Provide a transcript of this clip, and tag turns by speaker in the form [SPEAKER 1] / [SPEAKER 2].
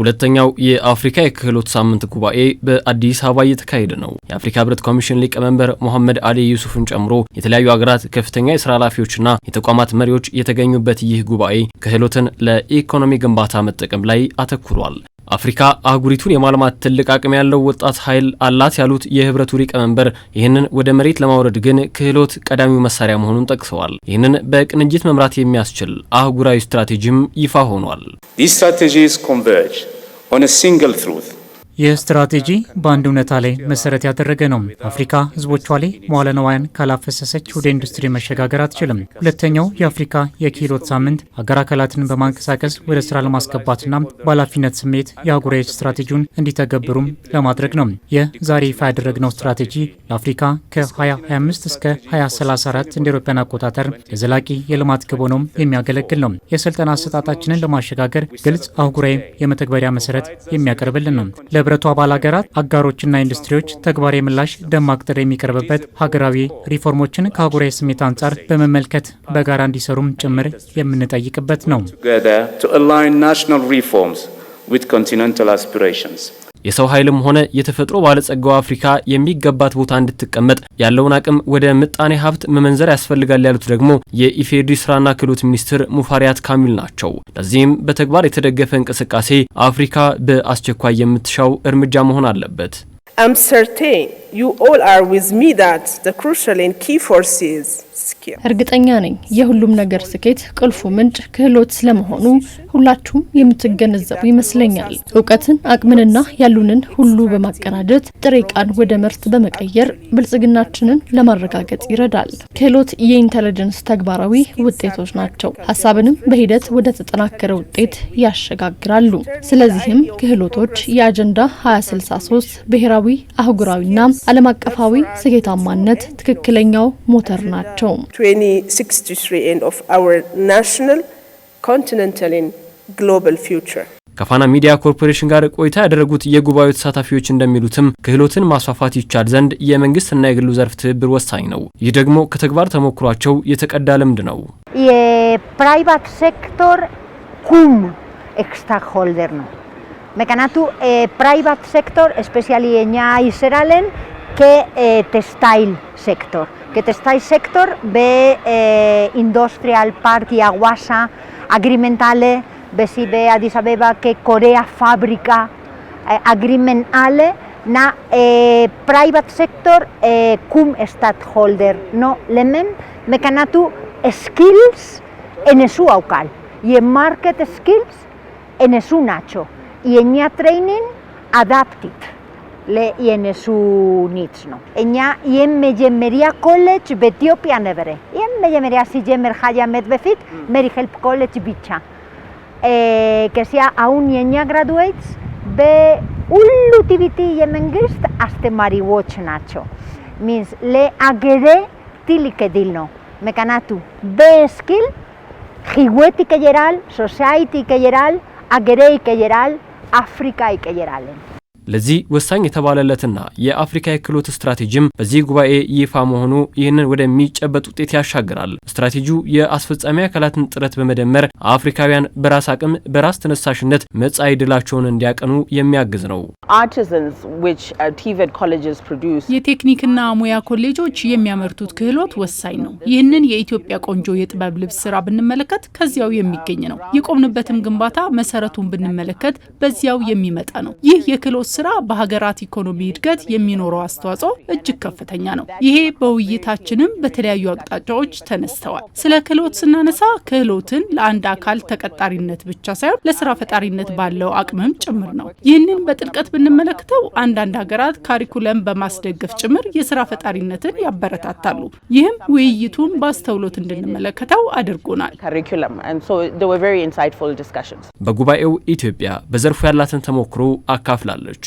[SPEAKER 1] ሁለተኛው የአፍሪካ የክህሎት ሳምንት ጉባኤ በአዲስ አበባ እየተካሄደ ነው። የአፍሪካ ህብረት ኮሚሽን ሊቀመንበር ሞሐመድ አሊ ዩሱፍን ጨምሮ የተለያዩ ሀገራት ከፍተኛ የስራ ኃላፊዎችና የተቋማት መሪዎች የተገኙበት ይህ ጉባኤ ክህሎትን ለኢኮኖሚ ግንባታ መጠቀም ላይ አተኩሯል። አፍሪካ አህጉሪቱን የማልማት ትልቅ አቅም ያለው ወጣት ኃይል አላት ያሉት የህብረቱ ሊቀመንበር ይህንን ወደ መሬት ለማውረድ ግን ክህሎት ቀዳሚው መሳሪያ መሆኑን ጠቅሰዋል። ይህንን በቅንጅት መምራት የሚያስችል አህጉራዊ ስትራቴጂም ይፋ ሆኗል። ይህ ስትራቴጂ በአንድ እውነታ ላይ መሰረት ያደረገ ነው። አፍሪካ ህዝቦቿ ላይ መዋለ ነዋያን ካላፈሰሰች ወደ ኢንዱስትሪ መሸጋገር አትችልም። ሁለተኛው የአፍሪካ የክህሎት ሳምንት አገር አካላትን በማንቀሳቀስ ወደ ስራ ለማስገባትና በኃላፊነት ስሜት የአህጉራዊ ስትራቴጂውን እንዲተገብሩም ለማድረግ ነው። ይህ ዛሬ ይፋ ያደረግነው ስትራቴጂ ለአፍሪካ ከ2025 እስከ 2034 እንደ አውሮፓውያን አቆጣጠር የዘላቂ የልማት ግብ ሆኖም የሚያገለግል ነው። የስልጠና አሰጣጣችንን ለማሸጋገር ግልጽ አህጉራዊ የመተግበሪያ መሰረት የሚያቀርብልን ነው። የህብረቱ አባል ሀገራት አጋሮችና ኢንዱስትሪዎች ተግባራዊ ምላሽ ደማቅ ጥሪ የሚቀርብበት ሀገራዊ ሪፎርሞችን ከአህጉራዊ ስሜት አንጻር በመመልከት በጋራ እንዲሰሩም ጭምር የምንጠይቅበት ነው። የሰው ኃይልም ሆነ የተፈጥሮ ባለጸጋው አፍሪካ የሚገባት ቦታ እንድትቀመጥ ያለውን አቅም ወደ ምጣኔ ሀብት መመንዘር ያስፈልጋል ያሉት ደግሞ የኢፌዴሪ ስራና ክህሎት ሚኒስትር ሙፋሪያት ካሚል ናቸው። ለዚህም በተግባር የተደገፈ እንቅስቃሴ አፍሪካ በአስቸኳይ የምትሻው እርምጃ መሆን አለበት።
[SPEAKER 2] I'm certain you all are with me that the crucial and key forces
[SPEAKER 3] እርግጠኛ ነኝ የሁሉም ነገር ስኬት ቁልፉ ምንጭ ክህሎት ስለመሆኑ ሁላችሁም የምትገነዘቡ ይመስለኛል። እውቀትን፣ አቅምንና ያሉንን ሁሉ በማቀናጀት ጥሬ ዕቃን ወደ ምርት በመቀየር ብልጽግናችንን ለማረጋገጥ ይረዳል። ክህሎት የኢንተለጀንስ ተግባራዊ ውጤቶች ናቸው። ሀሳብንም በሂደት ወደ ተጠናከረ ውጤት ያሸጋግራሉ። ስለዚህም ክህሎቶች የአጀንዳ 2063 ብሔራዊ አህጉራዊና ዓለም አቀፋዊ ስኬታማነት ትክክለኛው ሞተር ናቸው።
[SPEAKER 2] ነው።
[SPEAKER 1] ከፋና ሚዲያ ኮርፖሬሽን ጋር ቆይታ ያደረጉት የጉባኤው ተሳታፊዎች እንደሚሉትም ክህሎትን ማስፋፋት ይቻል ዘንድ የመንግስትና የግሉ ዘርፍ ትብብር ወሳኝ ነው። ይህ ደግሞ ከተግባር ተሞክሯቸው የተቀዳ ልምድ ነው።
[SPEAKER 4] የፕራይቫት ሴክተር ኩም ስታክሆልደር ነው። ምክንያቱ ፕራይቫት ሴክተር ስፔሻሊ የኛ ይሰራለን ከቴክስታይል ሴክተር que textile sector ve eh, industrial park Aguasa, agrimentale, ve si ve a disabeba que Corea fábrica eh, agrimentale na eh, private sector eh, cum stakeholder no lemen canatu skills en esu aucal y en market skills en esu nacho y en training adapted le zu su no. Eina, ien me jemmeria college betiopia nebere. ien me jemmeria si jemmer jaya met befit, mm. help college bicha. E, si aún ya graduates, be ullu yemengist jemen mari watch nacho. Means, le agere dilno, me canatu, Be eskil, que yeral, society yeral, Africa y que yeralen.
[SPEAKER 1] ለዚህ ወሳኝ የተባለለትና የአፍሪካ የክህሎት ስትራቴጂም በዚህ ጉባኤ ይፋ መሆኑ ይህንን ወደሚጨበጥ ውጤት ያሻግራል። ስትራቴጂው የአስፈጻሚ አካላትን ጥረት በመደመር አፍሪካውያን በራስ አቅም በራስ ተነሳሽነት መጻኢ ድላቸውን እንዲያቀኑ የሚያግዝ ነው።
[SPEAKER 2] uh, e
[SPEAKER 3] የቴክኒክና ሙያ ኮሌጆች የሚያመርቱት ክህሎት ወሳኝ ነው። ይህንን የኢትዮጵያ ቆንጆ የጥበብ ልብስ ስራ ብንመለከት ከዚያው የሚገኝ ነው። የቆምንበትም ግንባታ መሰረቱን ብንመለከት በዚያው የሚመጣ ነው። ይህ የክህሎት ስራ በሀገራት ኢኮኖሚ እድገት የሚኖረው አስተዋጽኦ እጅግ ከፍተኛ ነው። ይሄ በውይይታችንም በተለያዩ አቅጣጫዎች ተነስተዋል። ስለ ክህሎት ስናነሳ ክህሎትን ለአንድ አካል ተቀጣሪነት ብቻ ሳይሆን ለስራ ፈጣሪነት ባለው አቅምም ጭምር ነው። ይህንን በጥልቀት ብንመለከተው አንዳንድ ሀገራት ካሪኩለም በማስደገፍ ጭምር የስራ ፈጣሪነትን ያበረታታሉ። ይህም ውይይቱን በአስተውሎት እንድንመለከተው አድርጎናል።
[SPEAKER 1] በጉባኤው ኢትዮጵያ በዘርፉ ያላትን ተሞክሮ አካፍላለች።